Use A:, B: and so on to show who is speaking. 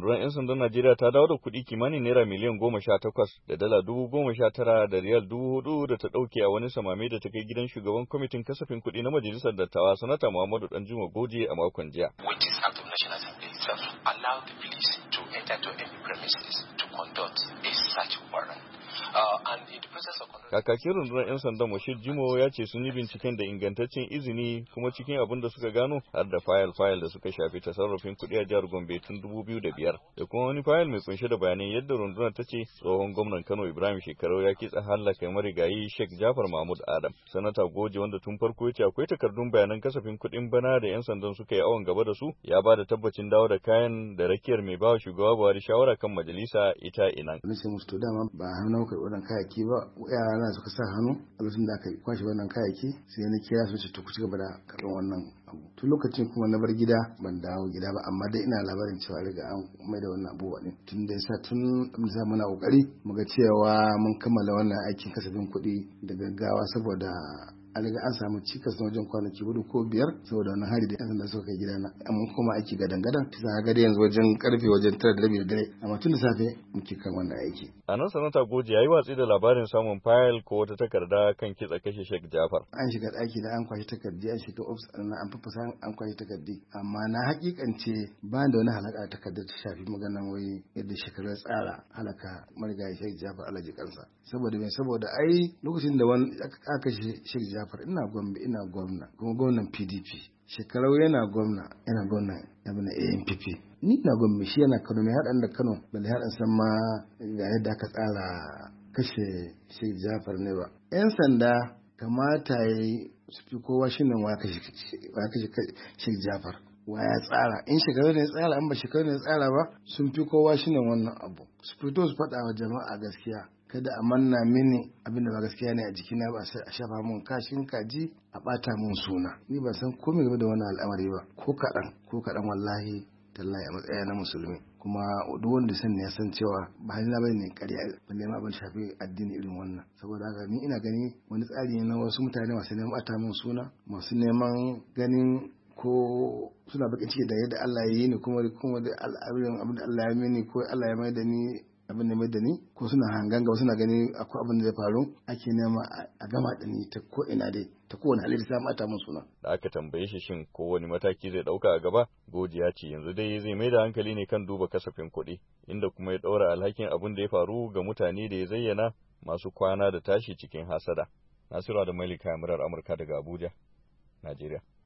A: rundunar 'yan sandan Najeriya ta dawo da kuɗi kimanin naira miliyan goma sha takwas da dala dubu goma sha tara da riyal dubu hudu da ta ɗauke a wani samame da ta kai gidan shugaban kwamitin kasafin kuɗi na majalisar dattawa sanata Muhammadu Danjuma Goje a makon jiya.
B: With this act of National Assembly itself allow the police to enter to any premises to conduct a search
A: Kakakin rundunar 'yan sandan Moshid Jimo ya ce sun yi binciken da ingantaccen izini kuma cikin abin da suka gano har da fayil-fayil da suka shafi tasarrufin kuɗi a jihar Gombe tun biyu da biyar da kuma wani fayil mai kunshe da bayanan yadda rundunar ta ce tsohon gwamnan Kano Ibrahim Shekarau ya kitsa halaka marigayi Sheikh Jafar Mahmud Adam. Sanata Goje wanda tun farko ya ce akwai takardun bayanan kasafin kudin bana da 'yan sandan suka yi awon gaba da su ya ba da tabbacin dawo da kayan da rakiyar mai bawa shugaba Buhari shawara kan majalisa ita inan.
B: ba kayayyaki ba yara suka sa hannu a lokacin da aka kwashe wannan kayayyaki sai na kira su ce to ci gaba da karɓar wannan abu tun lokacin kuma na bar gida ban dawo gida ba amma dai ina labarin cewa riga an mai da wannan abubuwa ne tun da yasa tun za muna kokari mu ga cewa mun kammala wannan aikin kasafin kuɗi da gaggawa saboda an riga an samu cikas na wajen kwanaki hudu ko biyar saboda wani hari da yan da suka kai gida na amma kuma aiki gadan gadan ta ga yanzu wajen karfe wajen tara da rabi dare amma tun da safe muke kan wannan aiki
A: a nan sanata goji yayi watsi da labarin samun fayil ko wata takarda kan kitsa kashe Sheikh Jafar an
B: shiga daki da an kwashi takardi an shiga ofis an an kusan an kwaye takardi amma na hakikance ba da wani halaka takardar ta shafi maganan wai yadda shekarar tsara halaka marigayi Sheikh Jafar Alhaji kansa saboda mai saboda ai lokacin da wani aka shi shek Jafar ina gwamna ina gwamna kuma gwamnan PDP shekarau yana gwamna yana gwamna yana na ampp ni na gwamna shi yana Kano mai haɗan da Kano bale haɗan san ma ga yadda aka tsara kashe shek Jafar ne ba yan sanda kamata ya yi su kowa shi nan wa shi jafar wa ya tsara in shekaru ne tsara an ba shekaru ne tsara ba sun fi kowa shi nan wannan abu su fito su faɗa wa jama'a gaskiya kada a manna mini abin da ba gaskiya ne a jikina ba a shafa mun kashin kaji a ɓata mun suna ni ban san komai game da wannan al'amari ba ko kaɗan ko kaɗan wallahi tallahi a matsaya na musulmi kuma duk wanda san ne ya san cewa ba halina labarin ne ƙarya balle ma ban shafi addini irin wannan saboda haka ni ina gani wani tsari ne na wasu mutane masu neman ata min suna masu neman ganin ko suna bakin ciki da yadda Allah ya yi ni kuma kuma da al'amuran abin da Allah ya mini ko Allah ya mai da ni abin da mai da ni ko suna hangan gaba suna gani akwai abin da zai faru ake nema a gama da ni ta ko ina dai ta kowane wani halitta sa ta mun suna
A: da aka tambaye shi shin ko wani mataki zai dauka a gaba godiya ce yanzu dai zai mai da hankali ne kan duba kasafin kuɗi inda kuma ya daura alhakin abin da ya faru ga mutane da ya zayyana masu kwana da tashi cikin hasada nasiru da malika murar amurka daga abuja najeriya